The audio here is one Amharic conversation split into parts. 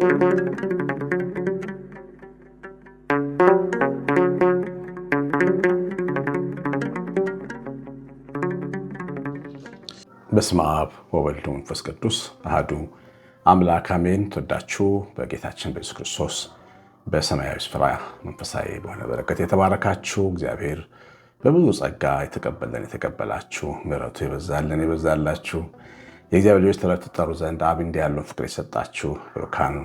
በስመ አብ ወወልድ ወመንፈስ ቅዱስ አሐዱ አምላክ አሜን። ተወዳችሁ በጌታችን በኢየሱስ ክርስቶስ በሰማያዊ ስፍራ መንፈሳዊ በሆነ በረከት የተባረካችሁ እግዚአብሔር በብዙ ጸጋ የተቀበለን የተቀበላችሁ ምሕረቱ የበዛልን የበዛላችሁ የእግዚአብሔር ልጆች ተብላችሁ ትጠሩ ዘንድ አብ እንዲህ ያለውን ፍቅር የሰጣችሁ ብሩካን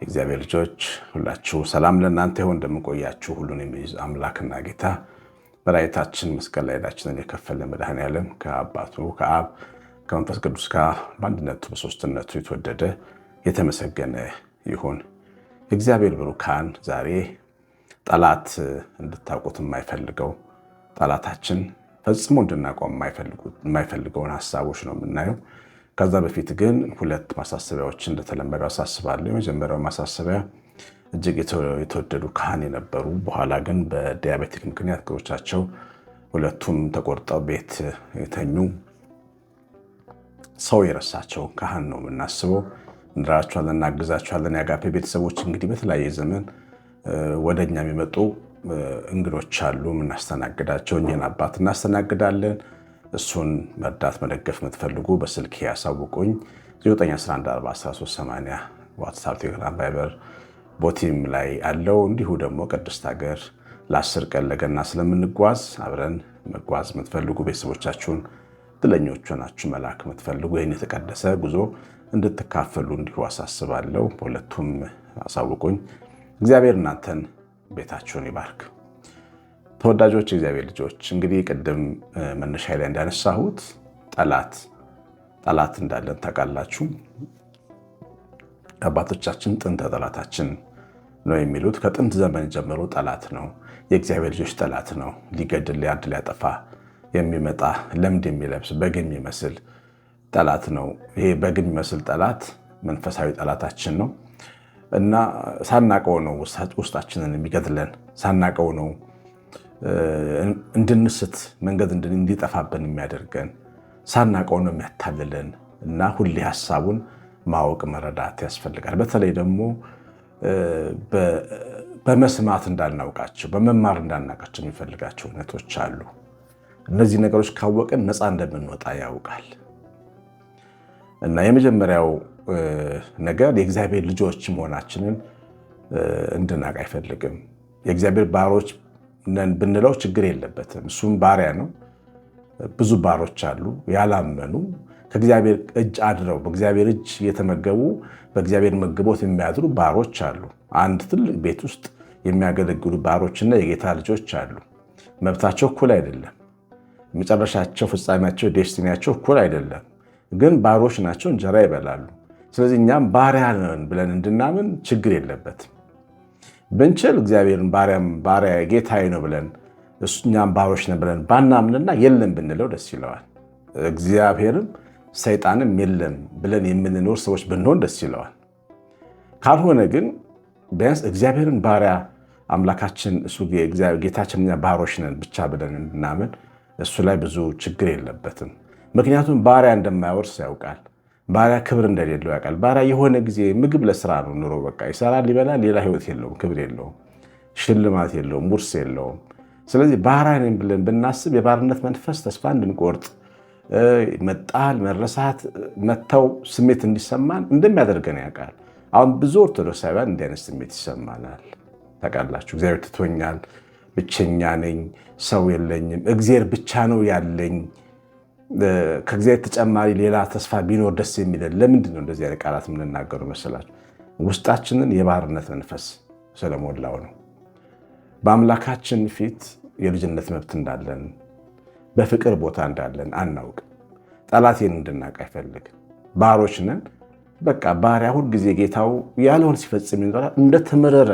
የእግዚአብሔር ልጆች ሁላችሁ ሰላም ለእናንተ ይሆን። እንደምንቆያችሁ ሁሉን የሚይዝ አምላክና ጌታ በራየታችን መስቀል ላይ ዕዳችንን የከፈለ መድኃኔዓለም ከአባቱ ከአብ ከመንፈስ ቅዱስ ጋር በአንድነቱ በሶስትነቱ የተወደደ የተመሰገነ ይሁን። እግዚአብሔር ብሩካን ዛሬ ጠላት እንድታውቁት የማይፈልገው ጠላታችን ፈጽሞ እንድናቆም የማይፈልገውን ሀሳቦች ነው የምናየው። ከዛ በፊት ግን ሁለት ማሳሰቢያዎች እንደተለመደው አሳስባለሁ። የመጀመሪያው ማሳሰቢያ እጅግ የተወደዱ ካህን የነበሩ በኋላ ግን በዲያቤቲክ ምክንያት እግሮቻቸው ሁለቱም ተቆርጠው ቤት የተኙ ሰው የረሳቸው ካህን ነው የምናስበው። እንራችኋለን፣ እናግዛችኋለን። የአጋፔ ቤተሰቦች እንግዲህ በተለያየ ዘመን ወደኛ የሚመጡ እንግዶች አሉ የምናስተናግዳቸው፣ እኚህን አባት እናስተናግዳለን። እሱን መርዳት መደገፍ የምትፈልጉ በስልክ ያሳውቁኝ 9114138 ዋትሳፕ፣ ቴሌግራም፣ ቫይበር ቦቲም ላይ አለው። እንዲሁ ደግሞ ቅድስት ሀገር ለአስር ቀን ለገና ስለምንጓዝ አብረን መጓዝ የምትፈልጉ ቤተሰቦቻችሁን እድለኞች ናችሁ መላክ የምትፈልጉ ይህን የተቀደሰ ጉዞ እንድትካፈሉ እንዲሁ አሳስባለሁ። በሁለቱም አሳውቁኝ። እግዚአብሔር እናንተን ቤታችሁን ይባርክ። ተወዳጆች እግዚአብሔር ልጆች እንግዲህ ቅድም መነሻ ላይ እንዳነሳሁት ጠላት ጠላት እንዳለን ታውቃላችሁ። አባቶቻችን ጥንተ ጠላታችን ነው የሚሉት። ከጥንት ዘመን ጀምሮ ጠላት ነው፣ የእግዚአብሔር ልጆች ጠላት ነው። ሊገድል ሊያድ ሊያጠፋ የሚመጣ ለምድ የሚለብስ በግ የሚመስል ጠላት ነው። ይሄ በግ የሚመስል ጠላት መንፈሳዊ ጠላታችን ነው። እና ሳናቀው ነው ውስጣችንን የሚገድለን፣ ሳናቀው ነው እንድንስት መንገድ እንዲጠፋብን የሚያደርገን፣ ሳናቀው ነው የሚያታልለን። እና ሁሌ ሀሳቡን ማወቅ መረዳት ያስፈልጋል። በተለይ ደግሞ በመስማት እንዳናውቃቸው፣ በመማር እንዳናውቃቸው የሚፈልጋቸው እውነቶች አሉ። እነዚህ ነገሮች ካወቅን ነፃ እንደምንወጣ ያውቃል። እና የመጀመሪያው ነገር የእግዚአብሔር ልጆች መሆናችንን እንድናቅ አይፈልግም። የእግዚአብሔር ባሮች ነን ብንለው ችግር የለበትም። እሱም ባሪያ ነው። ብዙ ባሮች አሉ ያላመኑ ከእግዚአብሔር እጅ አድረው በእግዚአብሔር እጅ የተመገቡ በእግዚአብሔር መግቦት የሚያድሩ ባሮች አሉ። አንድ ትልቅ ቤት ውስጥ የሚያገለግሉ ባሮችና የጌታ ልጆች አሉ። መብታቸው እኩል አይደለም። መጨረሻቸው፣ ፍጻሜያቸው፣ ዴስቲኒያቸው እኩል አይደለም። ግን ባሮች ናቸው፣ እንጀራ ይበላሉ። ስለዚህ እኛም ባሪያ ነን ብለን እንድናምን ችግር የለበትም። ብንችል እግዚአብሔርን ባሪያ ጌታዬ ነው ብለን እኛም ባሮች ነን ብለን ባናምንና የለም ብንለው ደስ ይለዋል። እግዚአብሔርም ሰይጣንም የለም ብለን የምንኖር ሰዎች ብንሆን ደስ ይለዋል። ካልሆነ ግን ቢያንስ እግዚአብሔርን ባሪያ አምላካችን እሱ ጌታችን ባሮች ነን ብቻ ብለን እንድናምን እሱ ላይ ብዙ ችግር የለበትም። ምክንያቱም ባሪያ እንደማያወርስ ያውቃል። ባሪያ ክብር እንደሌለው ያውቃል። ባሪያ የሆነ ጊዜ ምግብ ለስራ ነው ኑሮ በቃ ይሰራል፣ ይበላል። ሌላ ህይወት የለውም፣ ክብር የለውም፣ ሽልማት የለውም፣ ውርስ የለውም። ስለዚህ ባሪያ ነኝ ብለን ብናስብ የባርነት መንፈስ ተስፋ እንድንቆርጥ መጣል፣ መረሳት፣ መተው ስሜት እንዲሰማን እንደሚያደርገን ያውቃል። አሁን ብዙ ኦርቶዶክሳውያን እንዲህ አይነት ስሜት ይሰማናል። ታውቃላችሁ፣ እግዚአብሔር ትቶኛል፣ ብቸኛ ነኝ፣ ሰው የለኝም፣ እግዚአብሔር ብቻ ነው ያለኝ ከእግዚአብሔር ተጨማሪ ሌላ ተስፋ ቢኖር ደስ የሚለን ለምንድን ነው እንደዚህ አይነት ቃላት የምንናገሩ መሰላችሁ? ውስጣችንን የባርነት መንፈስ ስለሞላው ነው። በአምላካችን ፊት የልጅነት መብት እንዳለን፣ በፍቅር ቦታ እንዳለን አናውቅ። ጠላቴን እንድናቅ አይፈልግ። ባሮች ነን። በቃ ባሪያ ሁልጊዜ ጌታው ያለውን ሲፈጽም ይኖራል። እንደተመረረ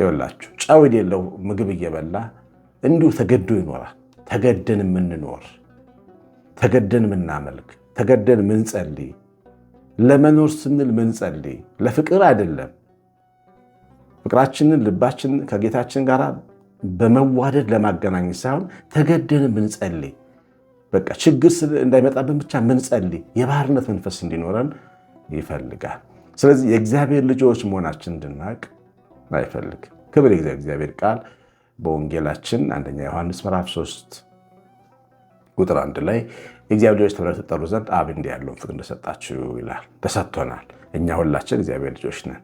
ይወላችሁ ጨው የሌለው ምግብ እየበላ እንዲሁ ተገዶ ይኖራል። ተገደን የምንኖር ተገደን ምናመልክ፣ ተገደን ምንጸልይ፣ ለመኖር ስንል ምንጸልይ ለፍቅር አይደለም። ፍቅራችንን ልባችን ከጌታችን ጋር በመዋደድ ለማገናኘት ሳይሆን ተገደን ምንጸልይ፣ በቃ ችግር እንዳይመጣብን ብቻ ምንጸልይ የባህርነት መንፈስ እንዲኖረን ይፈልጋል። ስለዚህ የእግዚአብሔር ልጆች መሆናችን እንድናቅ አይፈልግ። ክብር የእግዚአብሔር ቃል በወንጌላችን አንደኛ ዮሐንስ ምዕራፍ 3 ቁጥር አንድ ላይ እግዚአብሔር ልጆች ተብላችሁ ተጠሩ ዘንድ አብ እንዲህ ያለውን ፍቅር እንደሰጣችሁ ይላል። ተሰጥቶናል። እኛ ሁላችን እግዚአብሔር ልጆች ነን።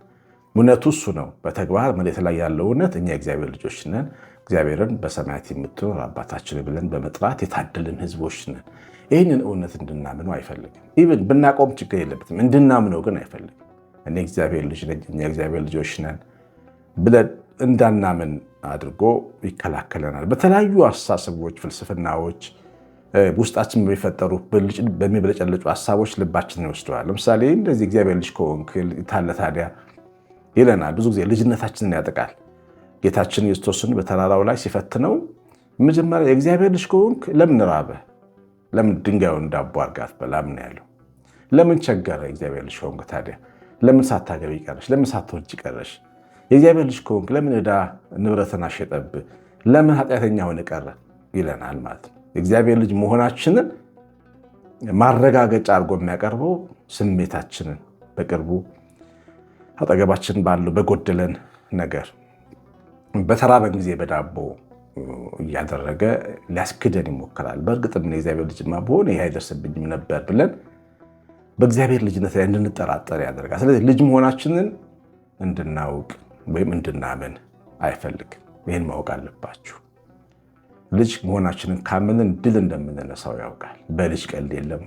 እውነቱ እሱ ነው። በተግባር መሬት ላይ ያለው እውነት እኛ እግዚአብሔር ልጆች ነን። እግዚአብሔርን በሰማያት የምትኖር አባታችን ብለን በመጥራት የታደልን ህዝቦች ነን። ይህንን እውነት እንድናምነው አይፈልግም። ኢቭን ብናቆም ችግር የለበትም። እንድናምነው ግን አይፈልግም። እኔ እግዚአብሔር ልጅ ነኝ፣ እኛ እግዚአብሔር ልጆች ነን ብለን እንዳናምን አድርጎ ይከላከለናል። በተለያዩ አስተሳሰቦች፣ ፍልስፍናዎች ውስጣችን በሚፈጠሩ በሚበለጨለጩ ሀሳቦች ልባችንን ይወስደዋል። ለምሳሌ እንደዚህ እግዚአብሔር ልጅ ከሆንክ ታለ ታዲያ ይለናል። ብዙ ጊዜ ልጅነታችንን ያጠቃል። ጌታችን ክርስቶስን በተራራው ላይ ሲፈትነው መጀመሪያ የእግዚአብሔር ልጅ ከሆንክ ለምን ራበ ለምን ድንጋዩን ዳቦ አርጋት አትበላም ነው ያለው። ለምን ቸገረ? የእግዚአብሔር ልጅ ከሆንክ ታዲያ ለምን ሳታገቢ ቀረሽ? ለምን ሳትወጅ ቀረሽ? የእግዚአብሔር ልጅ ከሆንክ ለምን ዕዳ ንብረትን አሸጠብ? ለምን ኃጢአተኛ ሆነ ቀረ? ይለናል ማለት ነው። የእግዚአብሔር ልጅ መሆናችንን ማረጋገጫ አድርጎ የሚያቀርበው ስሜታችንን በቅርቡ አጠገባችን ባለው በጎደለን ነገር በተራበን ጊዜ በዳቦ እያደረገ ሊያስክደን ይሞክራል። ምን የእግዚአብሔር ልጅማ በሆነ ይህ አይደርስብኝም ነበር ብለን በእግዚአብሔር ልጅነት ላይ እንድንጠራጠር ያደርጋል። ስለዚህ ልጅ መሆናችንን እንድናውቅ ወይም እንድናምን አይፈልግም። ይህን ማወቅ አለባችሁ። ልጅ መሆናችንን ካመንን ድል እንደምንነሳው ያውቃል። በልጅ ቀልድ የለም።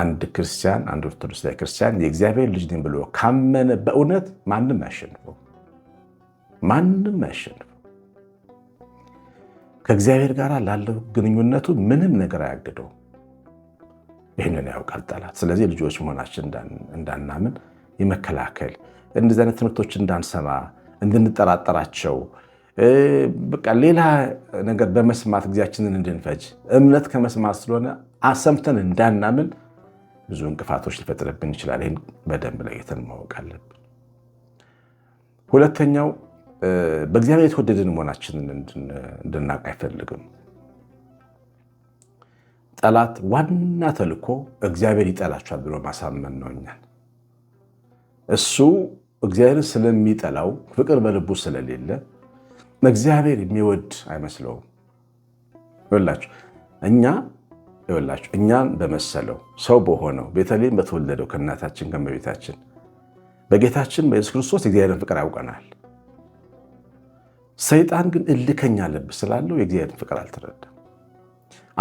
አንድ ክርስቲያን አንድ ኦርቶዶክስ ላይ ክርስቲያን የእግዚአብሔር ልጅ ነኝ ብሎ ካመነ በእውነት ማንም አያሸንፈው፣ ማንም አያሸንፈው። ከእግዚአብሔር ጋር ላለው ግንኙነቱ ምንም ነገር አያግደው። ይህንን ያውቃል ጠላት። ስለዚህ ልጆች መሆናችን እንዳናምን የመከላከል እንደዚህ አይነት ትምህርቶች እንዳንሰማ እንድንጠራጠራቸው በቃ ሌላ ነገር በመስማት ጊዜያችንን እንድንፈጅ እምነት ከመስማት ስለሆነ አሰምተን እንዳናምን ብዙ እንቅፋቶች ሊፈጥርብን ይችላል። ይህን በደንብ ለይተን ማወቅ አለብን። ሁለተኛው በእግዚአብሔር የተወደድን መሆናችንን እንድናውቅ አይፈልግም። ጠላት ዋና ተልኮ እግዚአብሔር ይጠላችኋል ብሎ ማሳመን ነው እኛን። እሱ እግዚአብሔርን ስለሚጠላው ፍቅር በልቡ ስለሌለ እግዚአብሔር የሚወድ አይመስለውም። ይወላችሁ እኛ ይወላችሁ እኛን በመሰለው ሰው በሆነው ቤተልሔም በተወለደው ከእናታችን ከመቤታችን በጌታችን በኢየሱስ ክርስቶስ የእግዚአብሔርን ፍቅር ያውቀናል። ሰይጣን ግን እልከኛ ልብ ስላለው የእግዚአብሔርን ፍቅር አልተረዳም።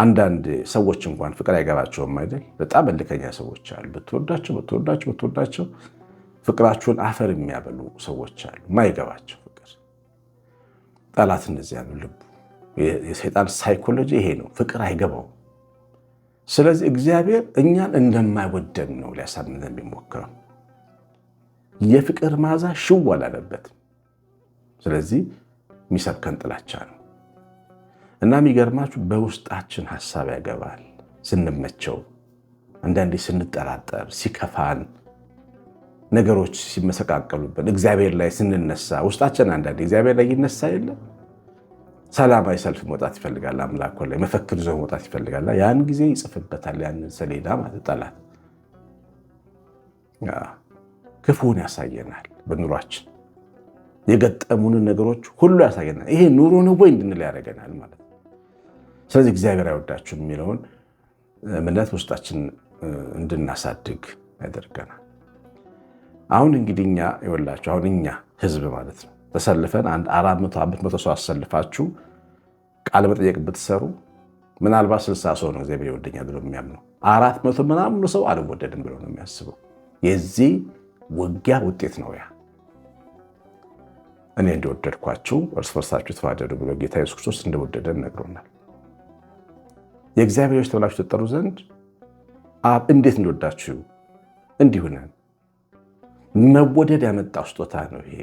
አንዳንድ ሰዎች እንኳን ፍቅር አይገባቸውም አይደል? በጣም እልከኛ ሰዎች አሉ። ብትወዳቸው ብትወዳቸው ብትወዳቸው ፍቅራችሁን አፈር የሚያበሉ ሰዎች አሉ፣ ማይገባቸው ጠላት እንደዚያ ነው። ልቡ የሰይጣን ሳይኮሎጂ ይሄ ነው። ፍቅር አይገባው። ስለዚህ እግዚአብሔር እኛን እንደማይወደን ነው ሊያሳምን የሚሞክረው። የፍቅር ማዛ ሽው አላለበትም። ስለዚህ የሚሰብከን ጥላቻ ነው እና የሚገርማችሁ በውስጣችን ሀሳብ ያገባል ስንመቸው አንዳንዴ ስንጠራጠር ሲከፋን ነገሮች ሲመሰቃቀሉብን እግዚአብሔር ላይ ስንነሳ ውስጣችን አንዳንድ እግዚአብሔር ላይ ይነሳ የለ ሰላማዊ ሰልፍ መውጣት ይፈልጋል። አምላኮ ላይ መፈክር ይዞ መውጣት ይፈልጋል። ያን ጊዜ ይጽፍበታል። ያንን ሰሌዳ ማለት ጠላት ክፉን ያሳየናል። በኑሯችን የገጠሙንን ነገሮች ሁሉ ያሳየናል። ይሄ ኑሮ ነው ወይ እንድንል ያደርገናል ማለት ነው። ስለዚህ እግዚአብሔር አይወዳችሁም የሚለውን እምነት ውስጣችን እንድናሳድግ ያደርገናል። አሁን እንግዲህ እኛ ይወላችሁ አሁን እኛ ህዝብ ማለት ነው ተሰልፈን አንድ አራት መቶ አምስት መቶ ሰው አሰልፋችሁ ቃለ መጠየቅ ብትሰሩ ምናልባት ስልሳ ሰው ነው እግዚአብሔር ይወደኛል ብሎ የሚያምነው አራት መቶ ምናምኑ ሰው አልወደድም ብሎ ነው የሚያስበው። የዚህ ውጊያ ውጤት ነው ያ እኔ እንደወደድኳችሁ እርስ በርሳችሁ ተዋደዱ ብሎ ጌታ ኢየሱስ ክርስቶስ እንደወደደን ነግሮናል። የእግዚአብሔሮች ተብላችሁ ተጠሩ ዘንድ አብ እንዴት እንደወዳችሁ እንዲሁ ነን መወደድ ያመጣው ስጦታ ነው ይሄ።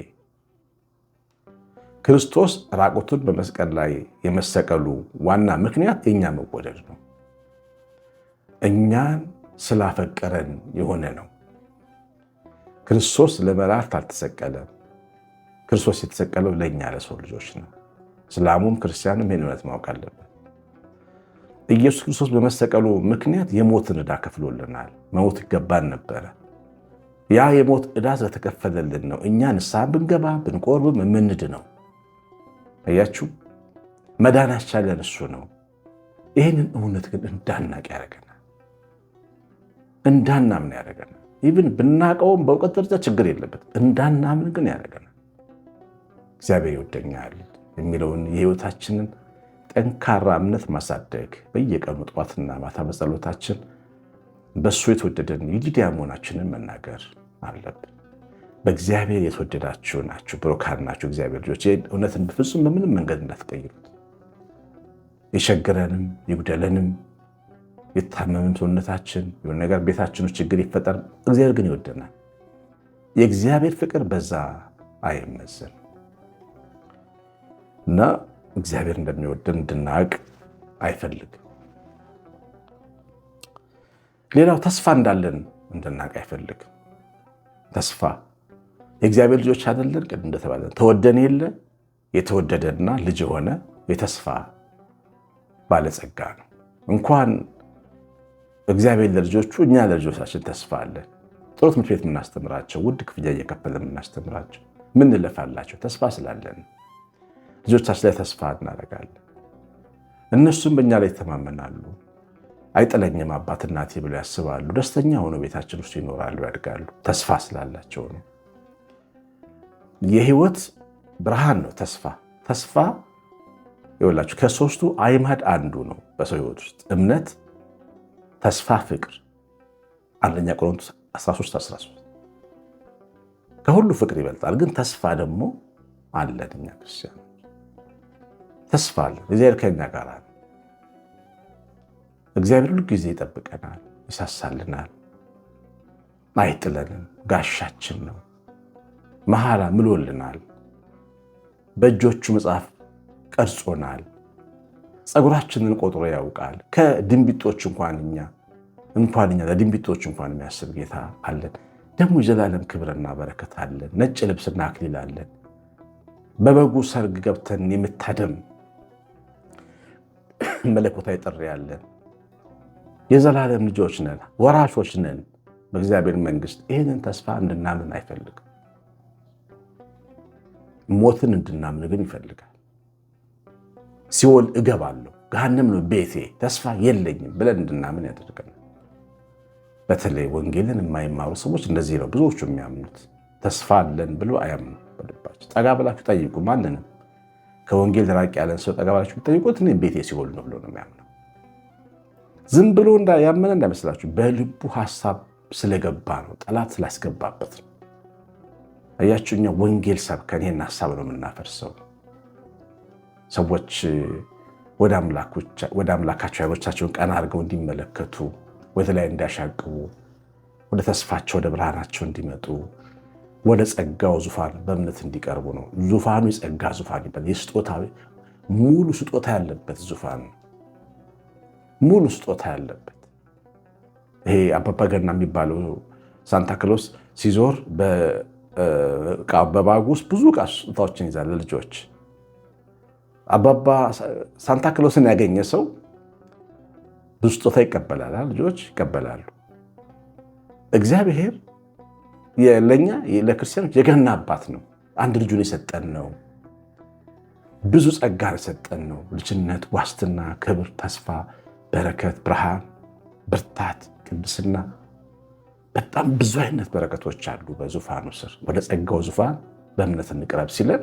ክርስቶስ ራቁቱን በመስቀል ላይ የመሰቀሉ ዋና ምክንያት የእኛ መወደድ ነው። እኛን ስላፈቀረን የሆነ ነው። ክርስቶስ ለመላእክት አልተሰቀለም። ክርስቶስ የተሰቀለው ለእኛ ለሰው ልጆች ነው። እስላሙም ክርስቲያኑም ይህን እውነት ማወቅ አለበት። ኢየሱስ ክርስቶስ በመሰቀሉ ምክንያት የሞትን ዕዳ ከፍሎልናል። መሞት ይገባን ነበረ። ያ የሞት ዕዳ ስለተከፈለልን ነው። እኛ ንስሐ ብንገባ ብንቆርብም የምንድ ነው። አያችሁ መዳን ያለን እሱ ነው። ይህንን እውነት ግን እንዳናቅ ያደርገናል። እንዳናምን ያደርገናል። ይብን ብናቀውም በእውቀት ደረጃ ችግር የለበትም። እንዳናምን ግን ያደርገናል። እግዚአብሔር ይወደኛል የሚለውን የህይወታችንን ጠንካራ እምነት ማሳደግ በየቀኑ ጠዋትና ማታ በጸሎታችን በእሱ የተወደደን የጊዲያ መሆናችንን መናገር አለብን። በእግዚአብሔር የተወደዳችሁ ናችሁ፣ ብሩካን ናችሁ። እግዚአብሔር ልጆች እውነትን በፍጹም በምንም መንገድ እንዳትቀይሩት። የቸገረንም የጉደለንም የታመምም ሰውነታችን የሆነ ነገር ቤታችን ውስጥ ችግር ይፈጠር፣ እግዚአብሔር ግን ይወደናል። የእግዚአብሔር ፍቅር በዛ አይመዝን እና እግዚአብሔር እንደሚወደን እንድናውቅ አይፈልግም። ሌላው ተስፋ እንዳለን እንድናቅ አይፈልግ ተስፋ የእግዚአብሔር ልጆች አይደለን? ቅድም እንደተባለ ተወደን የለ የተወደደና ልጅ የሆነ የተስፋ ባለጸጋ ነው። እንኳን እግዚአብሔር ለልጆቹ እኛ ለልጆቻችን ተስፋ አለን። ጥሩ ትምህርት ቤት የምናስተምራቸው፣ ውድ ክፍያ እየከፈለ የምናስተምራቸው፣ ምንለፋላቸው ተስፋ ስላለን ልጆቻችን ላይ ተስፋ እናደርጋለን። እነሱም በእኛ ላይ ይተማመናሉ። አይጥለኝም አባት እናቴ ብለው ያስባሉ። ደስተኛ ሆኖ ቤታችን ውስጥ ይኖራሉ፣ ያድጋሉ። ተስፋ ስላላቸው ነው። የህይወት ብርሃን ነው ተስፋ። ተስፋ ይወላችሁ ከሶስቱ አይማድ አንዱ ነው በሰው ህይወት ውስጥ እምነት፣ ተስፋ፣ ፍቅር። አንደኛ ቆሮንቶስ 13 13 ከሁሉ ፍቅር ይበልጣል፣ ግን ተስፋ ደግሞ አለን። እኛ ክርስቲያን ተስፋ አለን። እግዚአብሔር ከኛ ጋር ነው። እግዚአብሔር ሁል ጊዜ ይጠብቀናል፣ ይሳሳልናል፣ አይጥለንም። ጋሻችን ነው። መሐላ ምሎልናል። በእጆቹ መጽሐፍ ቀርጾናል። ፀጉራችንን ቆጥሮ ያውቃል። ከድንቢጦች እንኳን እኛ እንኳን እኛ ለድንቢጦች እንኳን የሚያስብ ጌታ አለን። ደግሞ የዘላለም ክብርና በረከት አለን። ነጭ ልብስና አክሊል አለን። በበጉ ሰርግ ገብተን የምታደም መለኮታዊ ጥሪ አለን። የዘላለም ልጆች ነን፣ ወራሾች ነን በእግዚአብሔር መንግስት። ይህንን ተስፋ እንድናምን አይፈልግም። ሞትን እንድናምን ግን ይፈልጋል። ሲኦል እገባለሁ፣ ገሃነም ነው ቤቴ፣ ተስፋ የለኝም ብለን እንድናምን ያደርገናል። በተለይ ወንጌልን የማይማሩ ሰዎች እንደዚህ ነው ብዙዎቹ የሚያምኑት። ተስፋ አለን ብሎ አያምኑ። በልባቸው ጠጋ ብላችሁ ጠይቁ። ማንንም ከወንጌል ራቅ ያለን ሰው ጠጋ ብላችሁ ጠይቁት፣ ቤቴ ሲኦል ነው ብሎ ነው የሚያምነው። ዝም ብሎ ያመነ እንዳይመስላችሁ በልቡ ሀሳብ ስለገባ ነው፣ ጠላት ስላስገባበት ነው። አያችሁ፣ እኛ ወንጌል ሰብከን ይህን ሀሳብ ነው የምናፈርሰው። ሰዎች ወደ አምላካቸው አይኖቻቸውን ቀና አድርገው እንዲመለከቱ፣ ወደ ላይ እንዲያሻቅቡ፣ ወደ ተስፋቸው ወደ ብርሃናቸው እንዲመጡ፣ ወደ ጸጋው ዙፋን በእምነት እንዲቀርቡ ነው። ዙፋኑ የጸጋ ዙፋን ይባል የስጦታ ሙሉ ስጦታ ያለበት ዙፋን ነው። ሙሉ ስጦታ ያለበት ይሄ አባባ ገና የሚባለው ሳንታ ክሎስ ሲዞር በባጉ ውስጥ ብዙ እቃ ስጦታዎችን ይዛል ለልጆች። አባባ ሳንታ ክሎስን ያገኘ ሰው ብዙ ስጦታ ይቀበላል፣ ልጆች ይቀበላሉ። እግዚአብሔር ለእኛ ለክርስቲያኖች የገና አባት ነው። አንድ ልጁን የሰጠን ነው። ብዙ ጸጋን የሰጠን ነው። ልጅነት፣ ዋስትና፣ ክብር፣ ተስፋ በረከት፣ ብርሃን፣ ብርታት፣ ቅድስና በጣም ብዙ አይነት በረከቶች አሉ በዙፋኑ ስር። ወደ ጸጋው ዙፋን በእምነት እንቅረብ ሲለን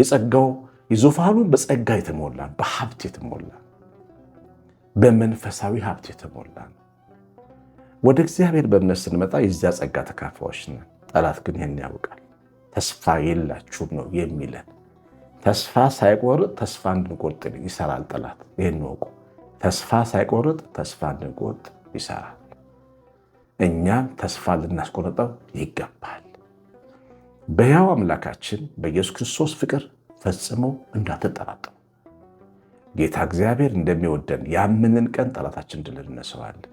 የጸጋው የዙፋኑ በጸጋ የተሞላ በሀብት የተሞላ በመንፈሳዊ ሀብት የተሞላ ነው። ወደ እግዚአብሔር በእምነት ስንመጣ የዚያ ጸጋ ተካፋዎች ነን። ጠላት ግን ይህን ያውቃል። ተስፋ የላችሁም ነው የሚለን። ተስፋ ሳይቆርጥ ተስፋ እንድንቆርጥ ይሰራል ጠላት። ይህን ወቁ። ተስፋ ሳይቆርጥ ተስፋ እንድንቆርጥ ይሰራል። እኛም ተስፋ ልናስቆርጠው ይገባል። በሕያው አምላካችን በኢየሱስ ክርስቶስ ፍቅር ፈጽሞ እንዳትጠራጠሩ። ጌታ እግዚአብሔር እንደሚወደን ያምንን ቀን ጠላታችን ድል እንነሳዋለን፣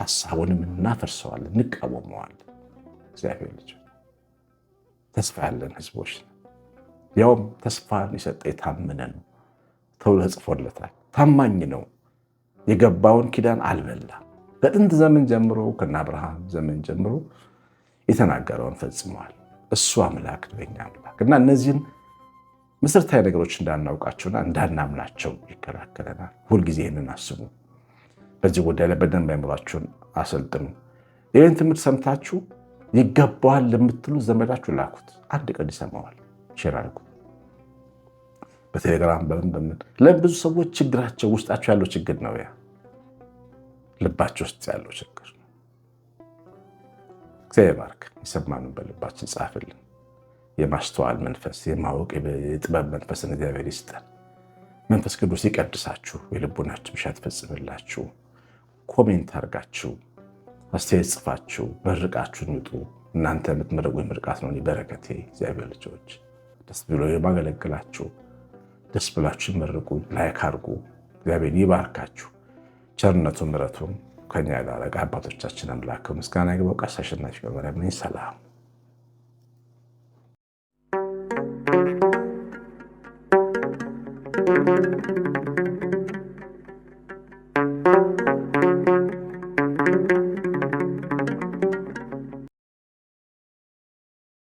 ሀሳቡንም እናፈርሰዋለን፣ እንቃወመዋለን። እግዚአብሔር ልጅ ተስፋ ያለን ህዝቦች ያውም ተስፋን የሰጠ የታመነ ነው ተብሎ ተጽፎለታል። ታማኝ ነው። የገባውን ኪዳን አልበላም። በጥንት ዘመን ጀምሮ ከነ አብርሃም ዘመን ጀምሮ የተናገረውን ፈጽመዋል። እሱ አምላክ በኛ አምላክ እና እነዚህን መሰረታዊ ነገሮች እንዳናውቃቸውና እንዳናምናቸው ይከላከለናል። ሁልጊዜ ይህንን አስቡ። በዚህ ጉዳይ ላይ በደንብ አይምሯችሁን አሰልጥኑ። ይህን ትምህርት ሰምታችሁ ይገባዋል ለምትሉ ዘመዳችሁ ላኩት። አንድ ቀን ይሰማዋል። ሼር በቴሌግራም በምን በምን ለብዙ ሰዎች ችግራቸው ውስጣቸው ያለው ችግር ነው። ያ ልባቸው ውስጥ ያለው ችግር ነው። እግዚአብሔር ባርክ። የሰማንን በልባችን ጻፍልን። የማስተዋል መንፈስ፣ የማወቅ የጥበብ መንፈስን እግዚአብሔር ይስጠን። መንፈስ ቅዱስ ይቀድሳችሁ፣ የልቡናችሁ ብሻ ትፈጽምላችሁ ኮሜንት አርጋችሁ አስተያየት ጽፋችሁ መርቃችሁ ንጡ። እናንተ የምትመረቁ የምርቃት ነው። በረከቴ እግዚአብሔር ልጆች ደስ ብሎ የማገለግላችሁ ደስ ብላችሁ መርቁ፣ ላይክ አድርጉ። እግዚአብሔር ይባርካችሁ። ቸርነቱ ምረቱም ከኛ ጋር አባቶቻችን አምላክ ምስጋና ይግባው። ቀሲስ አሸናፊ ሰላም Thank you.